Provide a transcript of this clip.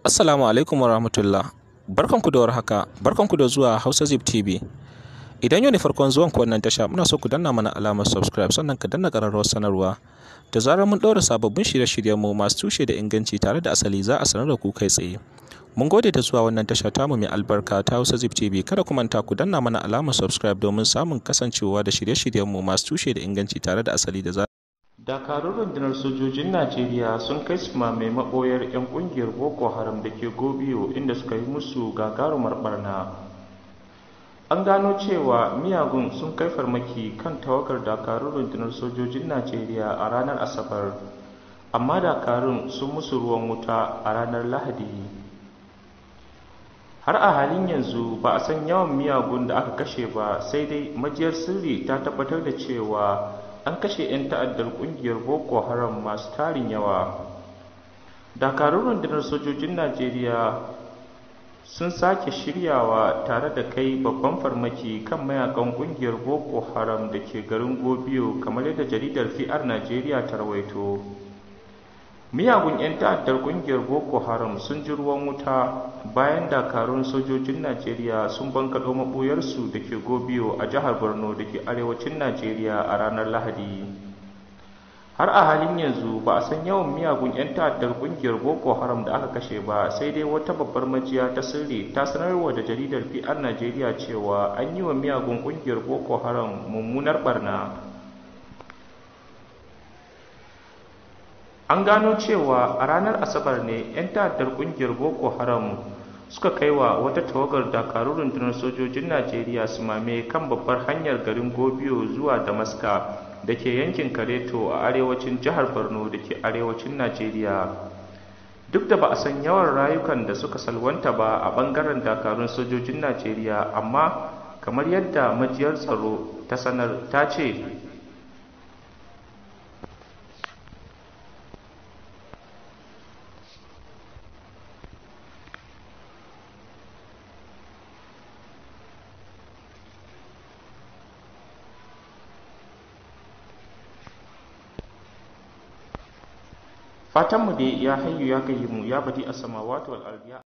Assalamu alaikum wa rahmatullah. Barkanku da warhaka. Barkanku da zuwa Hausa Zip TV. Idan yau ne farkon zuwan ku wannan tasha, muna so ku danna mana alamar subscribe sannan ka danna ƙararrawar sanarwa. Da zarar mun ɗaura sababbin shirye-shiryen mu masu tushe da inganci tare da asali za a sanar da ku kai tsaye. Mun gode da zuwa wannan tasha tamu mai albarka ta Hausa Zip TV. Kada ku manta ku danna mana alamar subscribe domin samun kasancewa da shirye-shiryen mu masu tushe da inganci tare da asali da za dakarun rundunar sojojin najeriya sun kai su mai maboyar 'yan kungiyar boko haram da ke gobiyo inda suka yi musu gagarumar barna an gano cewa miyagun sun kai farmaki kan tawagar dakarun rundunar sojojin najeriya a ranar asabar amma dakarun sun musu ruwan wuta a ranar lahadi har a halin yanzu ba a san yawan miyagun da aka kashe ba sai dai majiyar sirri ta tabbatar da cewa an kashe 'yan ta'addar kungiyar boko haram masu tarin yawa dakarun rundunar sojojin najeriya sun sake shiryawa tare da kai babban farmaki kan mayakan kungiyar boko haram da ke garin gobiyo kamar yadda jaridar fi'ar najeriya ta rawaito miyagun 'yan ta'addar ƙungiyar boko haram sun ji ruwan wuta bayan dakarun sojojin najeriya sun bankaɗo maɓoyarsu da ke gobiyo a jihar borno da ke arewacin najeriya a ranar lahadi har a halin yanzu ba a san yawan miyagun 'yan ta'addar ƙungiyar boko haram da aka kashe ba sai dai wata babbar majiya ta sirri ta sanarwa da jaridar pr najeriya cewa an yi wa miyagun ƙungiyar boko haram mummunar ɓarna. an gano cewa a ranar asabar ne 'yan ta'addar kungiyar boko haram suka kai wa wata tawagar dakarun rundunar sojojin najeriya su mame kan babbar hanyar garin gobiyo zuwa damaska da ke yankin kareto a arewacin jihar borno da ke arewacin najeriya duk da ba a san yawan rayukan da suka salwanta ba a bangaren dakarun sojojin najeriya amma kamar yadda majiyar tsaro ta sanar ta ce Fatanmu dai ya hayyu ya mu ya badi a samawati wal ardi